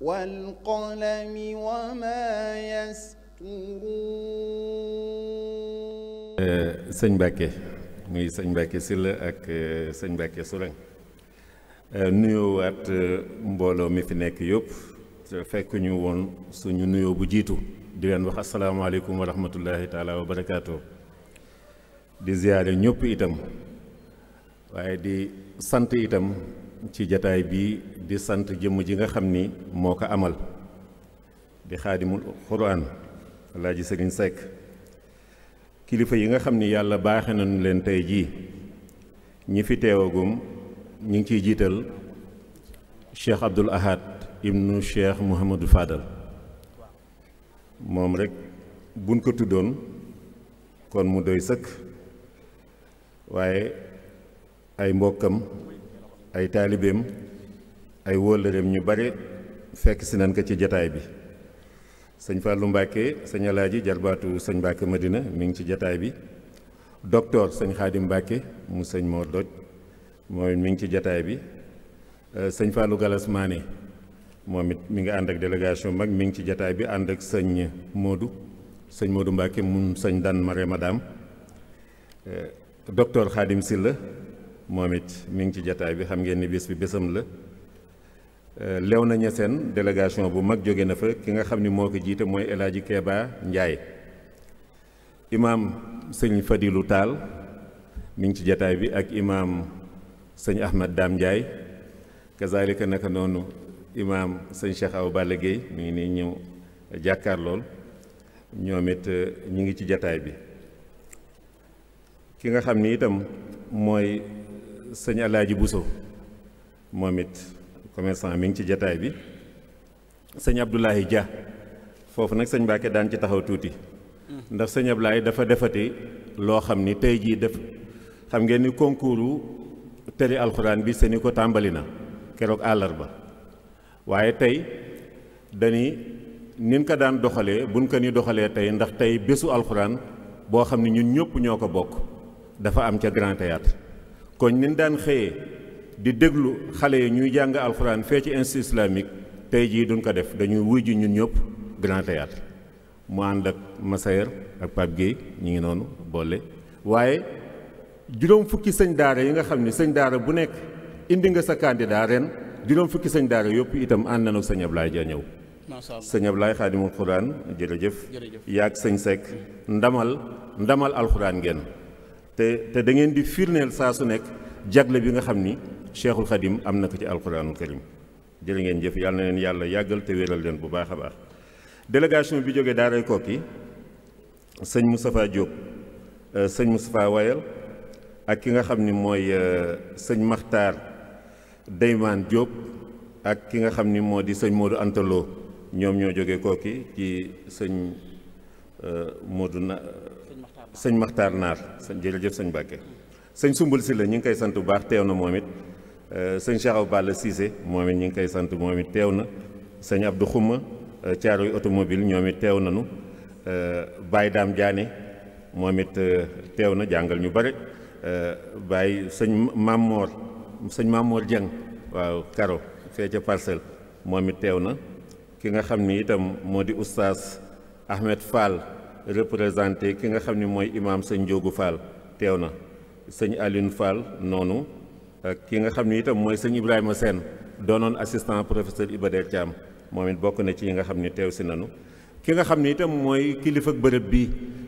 والقلم وما يسطرون eh, sëñ Mbacke muy sëñ Mbacke ak eh, sëñ Mbacke Sourang eh, nuyoowaat mbooloo mi fi nekk yëpp fekk ñu woon suñu nuyoo bu jiitu di leen wax asalaamaaleykum wa rahmatullahi taala wa barakaatu di ziyaare ñëpp itam waaye di sant itam ci jataay bii di sant jëmm ji nga xam ni moo ko amal di xaadimul xuraan alaaji sëriñ Seck kilifa yi nga xam ni yàlla baaxe nañu leen tey jii ñi fi teewagum ñu ngi ciy jiital cheikh Abdul Ahad ibnu cheikh Mouhamadou Fadal moom rekk buñ ko tuddoon kon mu doy sëkk waaye ay mbokkam ay taalibeem ay wóolëreem ñu bare fekk si nañ ko ci jataay bi sëñ Fallou Mbacke sëñ Alaaji jarbaatu sëñ Mbacke Madina mi ngi ci jataay bi docteur sëñ Xaadim Mbacke mu sëñ Mor Doj mooy mi ngi ci jataay bi euh, sëñ Fallou Galas Mané moom it mi ngi ànd ak délégation mag mi ngi ci jataay bi ànd ak sëñ Modou sëñ Modou Mbacke mu sëñ ma Mare Madame euh, docteur Xaadim Silla moom it mi ngi ci jataay bi xam ngeen ni bés bi bésam la Euh, Léona Niassène délégation bu mag jóge na fa ki nga xam ni moo ko jiite mooy El Hadji Keba Ndiaye imaam sëñ Fadilou taal mi ngi ci jataay bi ak imaam sëñ Ahmad Dame Ndiaye kazalika naka noonu imaam sëñ Cheikh Aw Balla Gueye mi ngi nii ñëw jàkkaar lool ñoom it euh, ñi ngi ci jataay bi ki nga xam ni itam mooy sëñ Alaaji Bousso moom it commerçant mi ngi ci jataay bi sëñ Abdoulaye Dia foofu nag sëñ Mbacke daan ci taxaw tuuti ndax sëñ Abdoulaye dafa defati loo xam ni tey jii def xam ngeen ni concours tëli alxuraan bi seeni ko tàmbali na keroog àllarba waaye tey dañuy nin ko daan doxalee buñ ko ni doxalee tey ndax tey bésu alxuraan boo xam ne ñun ñëpp ñoo ko bokk dafa am ca Grand Théâtre nin daan xëyee di déglu xale yi ñuy jàng alxuraan fee ci institut islamique tey jii duñ ko def dañuy wuy ñun ñëpp grand théâtre mu ànd ak Massaer ak Pape Gueye ñu ngi noonu boole waaye juróom fukki sëñ daara yi nga xam ne sëñ daara bu nekk indi nga sa candidat ren juróom fukki sëñ daara yëpp itam ànd nañu sëñ Ablaye ja ñëw sëñ Ablaye xaadimul xuraan jërëjëf yaag sëñ Seck ndamal ndamal alxuraan ngeen te te dangeen di firneel saa su nekk jagle bi nga xam ni cheikhul xadim am na ko ci alquranul karim jërë ngeen jëf yàlla na leen yàlla yàggal te wéral leen bu baax a baax délégation bi jógee daaray kokki sëñ Moustapha Diop euh, sëñ Moustapha Wayal ak ki nga xam ni mooy euh, sëñ Makhtar Deyman Diop ak ki nga xam ni moo di sëñ Modou Antaloo ñoom ñoo jógee kooki ci sëñ euh, Modou na sëñ Makhtar Naar sëñ jërëjëf sëñ Mbàkke sëñ Sumbul si la ñu ngi koy sant bu baax teew na moom it Euh, sëñ Cheikh Awa Balla Cissé moom it ñu ngi koy sant moom it teew na sëñ Abdou Xuma Caaroy euh, automobile ñoom it teew nanu euh, Baye Daam Diané moom it teew na jàngal ñu bare Baye sëñ Mamor sëñ Mamor Dieng waaw Karo fee ca parcelle moom it teew na ki nga xam ni itam moo di oustaz Ahmed Fall représenté ki nga xam ni mooy imaam sëñ Njóogu Fall teew na sëñ Alioune Fall noonu ak euh, ki nga xam ni itam mooy sëñ Ibrahima Sène doonoon assistant professeur Iba Der Thiam moom it bokk na ci ñi nga xam ni teew si nanu ki nga xam ni itam mooy kilifa bërëb bi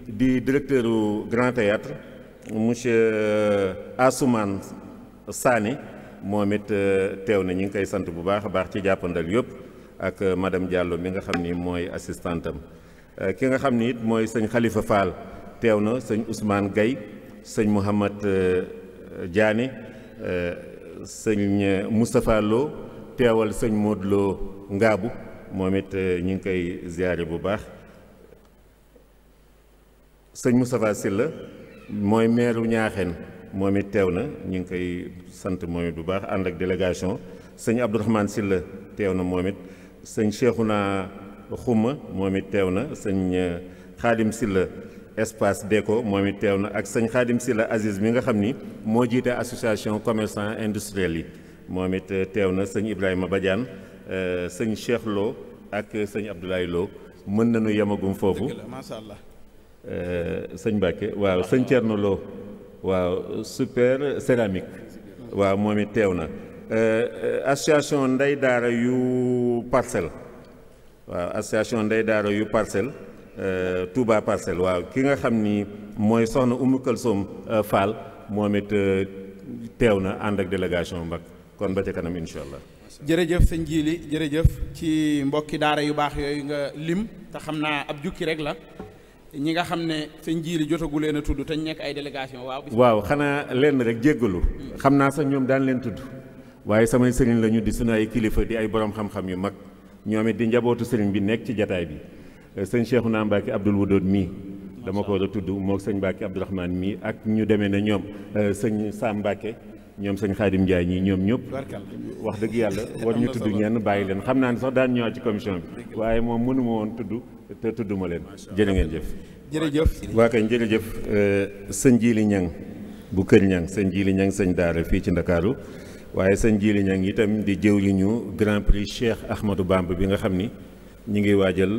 di directeur Grand Théâtre monsieur euh, Assoumane Sané moom it euh, teew na ñu ngi koy sant bu baax a baax ci jàppandal yëpp ak madam jàlloo mi nga xam ni mooy assistantam ki nga xam ni it mooy sëñ xalifa Fall teew na sëñ Ousmane Gaye sëñ Mouhamad Diané sëñ Moustapha teewal sëñ Modou Lo Ngaabu moom it euh, ñu ngi koy ziare bu baax sëñ Moustapha Sylla mooy meeru Ñaaxeen moom it teew na ñu ngi koy sant moom it bu baax ànd ak délégation sëñ Abdourahmane Sylla teew na moom it sëñ Cheikhouna Xuma moom it teew na sëñ Xaadim euh, Sylla espace déco moom it teew na ak sëñ Xaadim la Aziz bi nga xam ni moo jiite association commerçant industriel yi moom it euh, teew na sëñ Ibrahima Badiane euh, sëñ Cheikh Lo ak sëñ Abdoulaye Lo mën nañu yemagum foofu macha allah euh, sëñ Mbacke waaw sëñ Thierno Lo waaw super céramique waaw moom it teew na association ndey daara yu parcelle waaw association ndey daara yu parcelle Euh, Touba Parcelles waaw ki nga xam ni mooy soxna Umu Kalsoom euh, Fall moom it euh, teew na ànd ak délégation mbag kon ba ca kanam incha jërëjëf sa njiili jërëjëf ci mbokki daara yu baax yooyu nga lim te xam naa ab jukki rek la ñi nga xam ne sëñ Jili jotagu leen a tudd te ñu nekk ay délégation waaw. waaw xanaa lenn rek jéggalu. Hmm. xam naa sax ñoom daan leen tudd. waaye samay sëriñ la ñu di sunu ay kilifa di ay borom xam-xam yu mag ñoom it di njabootu sëriñ bi nekk ci jataay bi. sëñ Cheikhouna Mbacke Abdoul Wadoud mii dama ko war a tudd moo sëñ Mbacke Abdourahmane mii ak ñu demee ne ñoom euh, sëñ Sam Mbacke ñoom sëñ Xaadim Ndiaye ñii ñoom ñëpp wax dëgg yàlla war ñu tudd ñenn bàyyi leen xam naa ni sox daan ñëwaat ci commission bi waaye moom mënuma woon tudd te tudduma leen jërë ngeen jëf jërëjëf waa kañ jërëjëf euh, sëñ Jili ñaŋ bu Kër Ñang sëñ Jili Ñang sëñ daara fii ci Ndakaaru waaye sëñ Jili Ñang itam di yu jëwriñu Grand Prix Cheikh Ahmadou Bamba bi nga xam ni ñu ngi waajal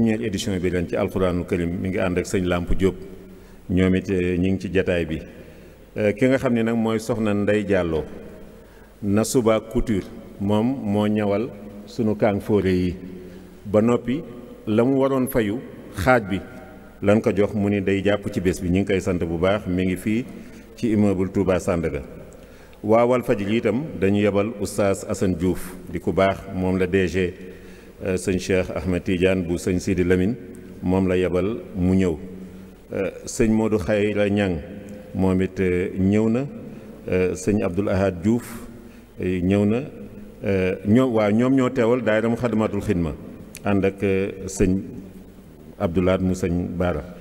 juróom-ñeenti bi ren ci alxuraanul karim mi ngi ànd ak sëñ Lamp Diop ñoom it eh, ngi ci jataay bi eh, ki nga xam ne nag mooy soxna Ndey jàlloo na subaa couture moom moo ñawal sunu kaang fóore yi ba noppi la mu waroon fayu xaaj bi lan ko jox mu ni day jàpp ci bés bi ñu ngi koy sant bu baax mi ngi fii ci immeuble Touba Sandaga waawal faj li itam dañu yebal oustaz Assane Diouf di ku baax moom la DG Euh, sëñ Cheikh Ahmed Tidiane bu sëñ Sidi Lamine moom la yebal mu ñëw euh, sëñ Modou Khayra Niang moom it euh, ñëw na sëñ Abdoul Ahad Diouf ñëw na ñoom waaw ñoom ñoo teewal daayira mu xadamatul xidma ànd ak sëñ Abdoulaat mu sëñ Baara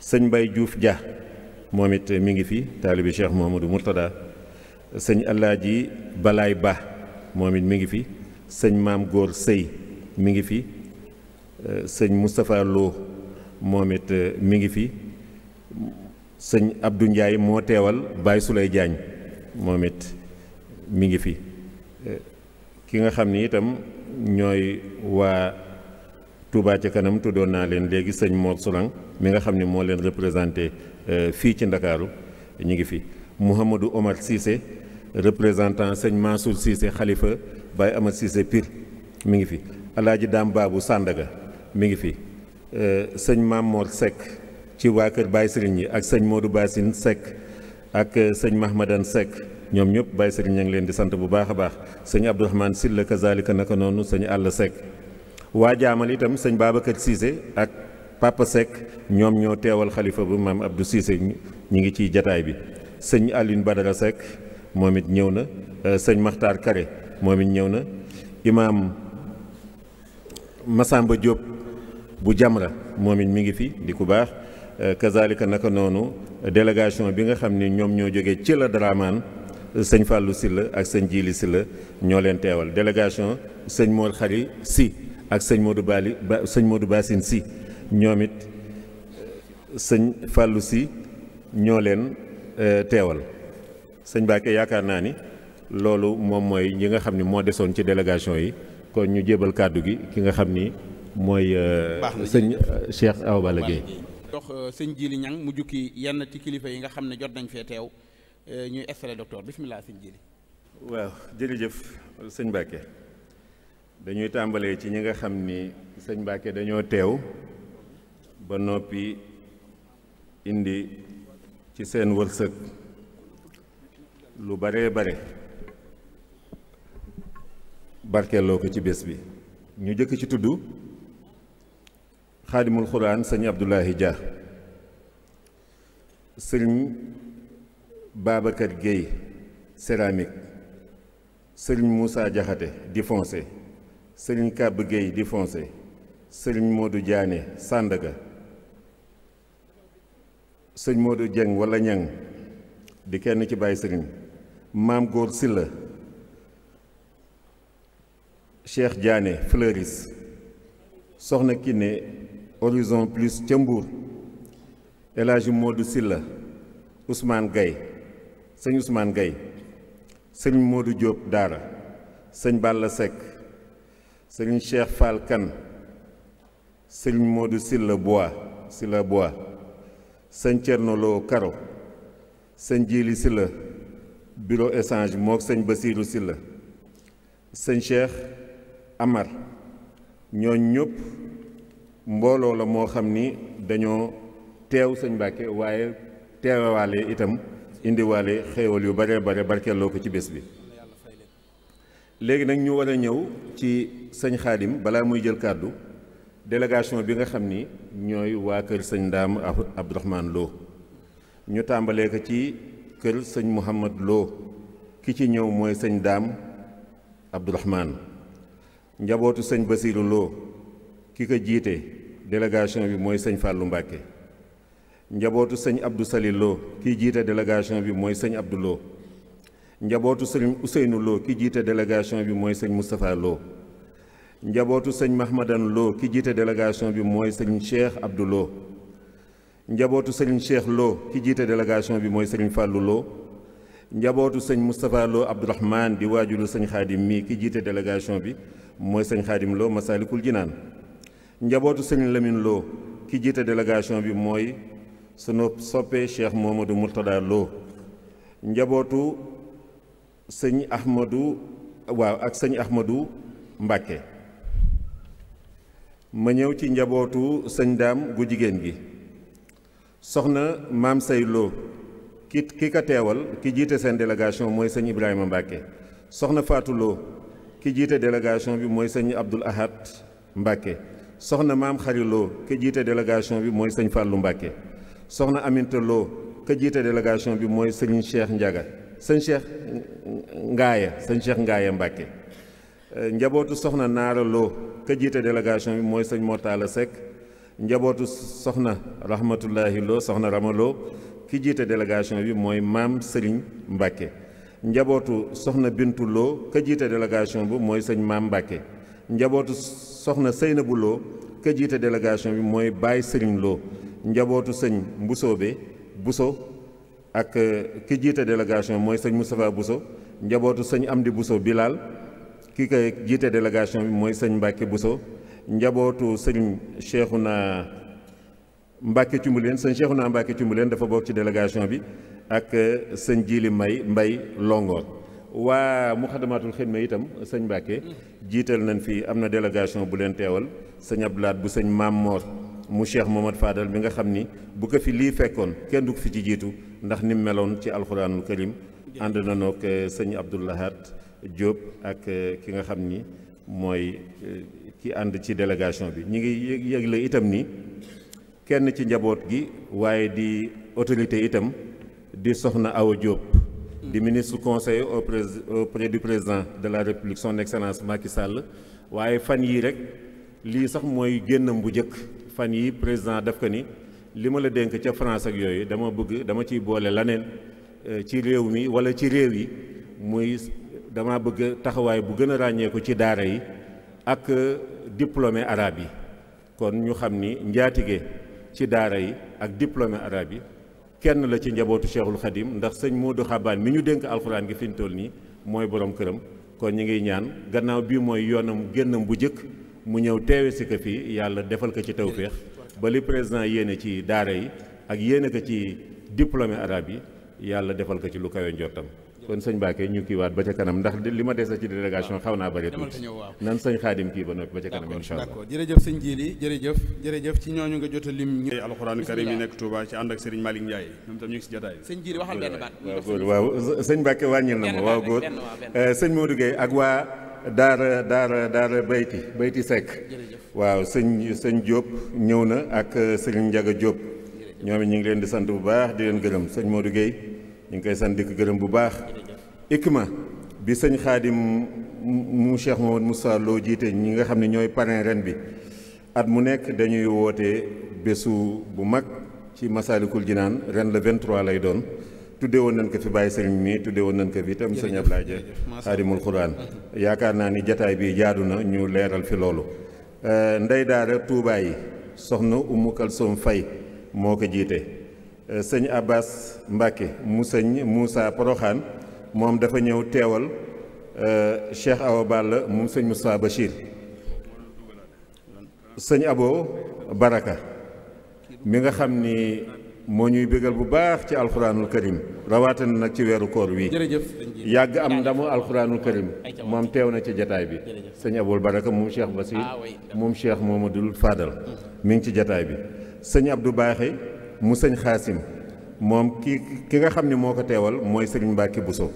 sëñ Mbaye Diouf Dia moom it mi ngi fi taalibi Cheikh Mouhamadou Mourtada sëñ Alaaji Balaay Ba moom it mi ngi fi sëñ Maam Góor Sëy mi ngi fi euh, sëñ Moustapha Lo moom it euh, mi ngi fi sëñ Abdou Ndiaye moo teewal Baye Souley Diagne moom it mi ngi fi euh, ki nga xam ni itam ñooy waa Touba ca kanam tuddoon naa leen léegi sëñ Mor Solang mi nga xam ni moo leen représenté fii ci Ndakaaru ñu ngi fi Mouhamadou Omar Cissé représentant sëñ Mansour Cissé xalifa Baye Amad Cissé Pire mi ngi fi alaaji daam baabu sàndaga mi ngi fi eh, sëñ Mamor Seck ci waa kër Baye Serigne yi ak sëñ Modou Bassine Seck ak eh, sëñ Mahmadan Seck ñoom ñëpp Baye Serigne ña ngi leen di sant bu baax a baax sëñ Abdourahmane Silla kazalika naka noonu sëñ Àll Seck waa jaamal itam sëñ Babacar siise ak Papa Seck ñoom ñoo teewal xalifa bi maam Abdou Cissé ñi ngi ciy jataay bi sëñ Aline Badara Seck moom it ñëw na eh, sëñ Makhtar Kare moom it ñëw na Masamba Diop bu Jamra moom it mi ngi fi di ku baax euh, kazalika naka noonu délégation bi nga xam ni ñoom ñoo jóge ci la Dramane sëñ si la ak sëñ si la ñoo leen teewal délégation sëñ Mor Xari Si ak sëñ Modou Bali ba sëñ Modou Si ñoom it sëñ Fallou Si ñoo leen euh, teewal sëñ Bakke yaakaar naa ni loolu moom mooy yi nga xam ni moo desoon ci délégation yi kon ñu jébal kàddu gi ki nga xam ni mooy euh, sëñ euh, Cheikh Awa Balla Gueye dox euh, sëñ Jili Ñang mu jukki yenn ci kilifa yi nga xam ne jot nañ fee teew ñuy extrait docteur bismillah sëñ Jili waaw jërëjëf sëñ Mbàkke dañuy tàmbalee ci ñi nga xam ni sëñ Mbàkke dañoo teew ba noppi indi ci seen wërsëg lu baree bare barkeeloo ko ci bés bi ñu jëkk ci tudd xaadimul xuraan sëñ Abdoulaye Dia sëriñ Babacar Guèye céramique sëriñ Moussa Diakhaté di foncé sëriñ Kab Guèye di foncé sëriñ Modou Diané Sandaga sëñ Modou Dieng wala Ñang di kenn ci bàyyi sëriñ maam góor Silla Cheikh Diané fleuriste soxna ki ne horizon plus ca Mbour El Hadj Modou Silla Ousmane Gaye sëñ Ousmane Gaye sëñ Modou Diop Daara sëñ Balla Seck sëñ Cheikh Fall Kane sëñ Modou Silla Bois Silla Bois sëñ Thierno Lo Karo sëñ Djili Silla bureau échange mook sëñ Basirou Silla sëñ Cheikh Amar ñooñ ñëpp mbooloo la moo xam ni dañoo teew sëñ Mbàkke waaye teewaale itam indiwaale xéewal yu bare bare barkeeloo ko ci bés bi léegi nag ñu war ñëw ci sëñ Xaadim balaa muy jël kàddu délégation bi nga xam ni ñooy waa kër sëñ Ndaam Abdourahmane Lo ñu tàmbalee ko ci kër sëñ Mouhamad Lo ki ci ñëw mooy sëñ daam Abdourahmane njabootu sëñ Basiiru Lo ki ko jiite délégation bi mooy sëñ Fàllu Mbàkke njabootu sëñ Abdou Salil Lo ki jiite délégation bi mooy sëñ Abdou Lo njabootu sëñ Ousseynou Lo ki jiite délégation bi mooy sëñ Moustapha Lo njabootu sëñ Mahmadan Lo ki jiite délégation bi mooy sëñ Cheikh Abdou Lo njabootu sëñ Cheikh Lo ki jiite délégation bi mooy sëñ Fàllu Lo njabootu sëñ Moustapha Lo Abdourahman di waajuru sëñ Xaadim mi ki jiite délégation bi mooy sëñ Xaadim Lo Masalikul Jinaan njabootu sëñ Lamine Lo ki jiite délégation bi mooy sunu soppe Cheikh Momadou Mourtada Lo njabootu sëñ Ahmadou waaw ak sëñ Ahmadou Mbàkke ma ñëw ci njabootu sëñ daam gu jigéen gi soxna maam say Lo ki ki ka teewal ki jiite seen délégation mooy sëñ Ibrahima Mbàkke soxna Fatou Lo ki jiite délégation bi mooy sëñ Abdoul Ahad Mbacke soxna maam Xari Lo ki jiite délégation bi mooy sëñ Fallou Mbacke soxna Aminta Lo ki jiite délégation bi mooy sëñ Cheikh Ndiaga sëñ Cheikh Ngaaya sëñ Cheikh Ngaaya Mbacke euh, njabootu soxna Naara Lo ki jiite délégation bi mooy sëñ Mortala Seck njabootu soxna Rahmatullahi loo soxna Rama Lo ki jiite délégation bi mooy maam Serigne Mbacke njabootu soxna Bintu Lo ka jiite délégation bi mooy sëñ Maam Mbàkke njabootu soxna Seynabu Lo ka jiite délégation bi mooy Baay Sëriñ njabootu sëñ Mbusoobe Buso ak euh, ki jiite délégation mooy sëñ Moustapha Buso njabootu sëñ Amdi Buso Bilal ki ka jiite délégation bi mooy sëñ Mbàkke Buso njabootu sëñ Cheikhouna Mbàkke Cumbuleen sëñ Cheikhouna Mbàkke leen dafa bokk ci délégation bi ak eh, sëñ Jili mbay Mbay Longoor waa Muxaddamaatul Xidma itam sëñ Mbàkke jiital nañ fii am na délégation bu leen teewal sëñ Abdulaat bu sëñ Maam Moor mu Cheikh Mohamad Fadal bi nga xam ni bu ko fi lii fekkoon kenn du ko fi ci jiitu ndax ni mu meloon ci alxuraanul karim ànd na noog eh, sëñ Abdoulahat Diop ak eh, ki nga xam ni mooy ki ànd ci délégation bi ñu ngi yëg yëgle itam ni kenn ci njaboot gi waaye di autorité itam di Soxna Awa Diop di ministre conseil auprès du président de la république son excellence Macky Sall waaye fan yii rek lii sax mooy génnam bu njëkk fan yi président def ko ni li ma la dénk ca France ak yooyu dama bëgg dama ciy boole laneen euh, ci réew mi wala ci réew yi muy dama bëgg taxawaay bu gën a ràññeeku ci daara yi ak euh, diplômé arabe yi kon ñu xam ni njaatige ci daara yi ak diplômé arabe yi kenn la ci njabootu Cheikhul Khadim ndax sëñ moo Modou Xabaan mi ñu dénk alxuraan gi fi ñu toll nii mooy borom këram kon ñu ngi ñaan gannaaw bii mooy yoonam génnam bu njëkk mu ñëw teewe si ko fii yàlla defal ko ci tawféex ba li président yéene ci daara yi ak yéene ko ci diplômé arabe yi yàlla defal ko ci lu kawe njortam kon sëñ Mbacke ñu kiiwaat ba ca kanam ndax li ma dese ci délégation xaw naa bëri tuuti nan sëñ Xaadim kii ba noppi ba ca kanam incha allah d'accord jërëjëf sëñ Jili jërëjëf jërëjëf ci ñu nga jot a lim ñu alxuraan karim nekk Touba ci ànd ak Serigne Malick Ndiaye ñoom ngi si jotaay sëñ Jili waxal benn baat waaw waaw sëñ Mbacke wàññil na ma waaw góor eh, sëñ Modou Gueye ak waa daara daara daara bayti bayti Seck waaw sëñ sëñ Diop ñëw na ak sëñ Ndiaga Diop ñoom ñu ngi leen di sant bu baax di leen gërëm sëñ Modou Gueye ñu ngi koy sant di ko gërëm bu baax ICMA bi sëñ xaadim mu Cheikh Mouhamed musa loo jiite ñi nga xam ne ñooy parrain ren bi at mu nekk dañuy woote bésu bu mag ci Masaalikul Jinaan ren le 23 lay doon tuddee woon nañ ko fi bàyyi sëriñ mii tuddee woon nañ ko fi itam sëñ Ablaye Dia xaadimul Xuraan yaakaar naa ni jataay bi jaadu na ñu leeral fi loolu ndey daara Tuubaa yi soxna Umu Kalsoom Fay moo ko jiite Euh, sëñ Abbas Mbacke mu sëñ Moussa Poroxaan moom dafa ñëw teewal euh, Cheikh Awa Balla mu sëñ Moussa Bachir sëñ Abo Baraka mi nga xam ni moo ñuy bégal bu baax ci alxuraanul karim rawaate na nag ci weeru koor wi yàgg am ndamu alxuraanul karim moom teew na ci jataay bi sëñ Abul Baraka moom Cheikh Basir ah moom Cheikh Momadul Fadal mi ngi ci jataay bi sëñ Abdou Baaxe mu sëñ xaasim moom ki ki nga xam ne moo ko teewal mooy sëñ Mbacke Bousso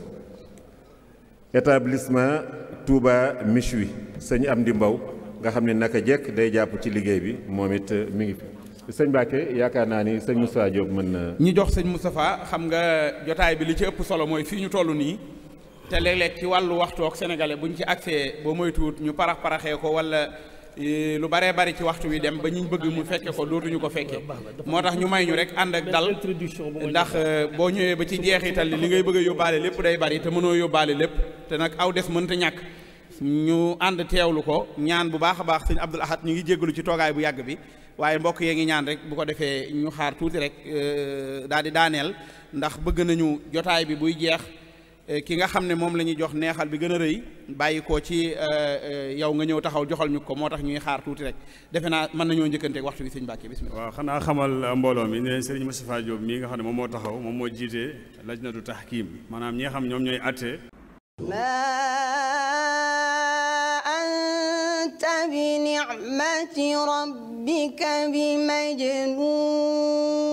établissement Touba Michwi sëñ di Mbaw nga xam ne naka jekk day jàpp ci liggéey bi moom it euh, mi ngi fi sëñ Mbacke yaakaar naa ni sëñ Moustapha Diop mën na. ñu jox sëñ Moustapha xam nga jotaay bi li ci ëpp solo mooy fii ñu toll nii te léeg-léeg ci wàllu waxtu ak bu ñu ci accès ba moytuwut ñu parax paraxee ko walla lu baree bari ci waxtu wi dem ba ñu bëgg mu fekke ko dootuñu ko fekkee moo tax ñu may ñu rek ànd ak dal ndax euh, boo ñëwee ba ci jeexital li ngay bëgg a yóbbaale lépp day bari te mënoo yóbbaale lépp te nag aw des mënta ñàkk ñu ànd teewlu ko ñaan bu baax a baax sëñ Abdul Ahad ñu ngi jéggalu ci toogaay bu yàgg bi waaye mbokk yee ngi ñaan rek bu ko defee ñu xaar tuuti rek euh, daal di daaneel ndax bëgg nañu jotaay bi buy jeex Eh, ki nga xam ne moom la ñuy jox neexal bi gën a rëy bàyyi ko ci eh, eh, yow nga ñëw taxaw joxal ñu ko moo tax ñuy xaar tuuti rek defe naa mën nañoo njëkkanteeg waxtu bi sëñ Mbàkke bismillah waaw xanaa xamal mbooloo mi ne Serigne Moustapha Diop mii nga xam ne moom moo taxaw moom moo jiite lajnatu tahkim maanaam ñi nga xam ñoom ñooy àtte anta bi ni'mati rabbika bi majnun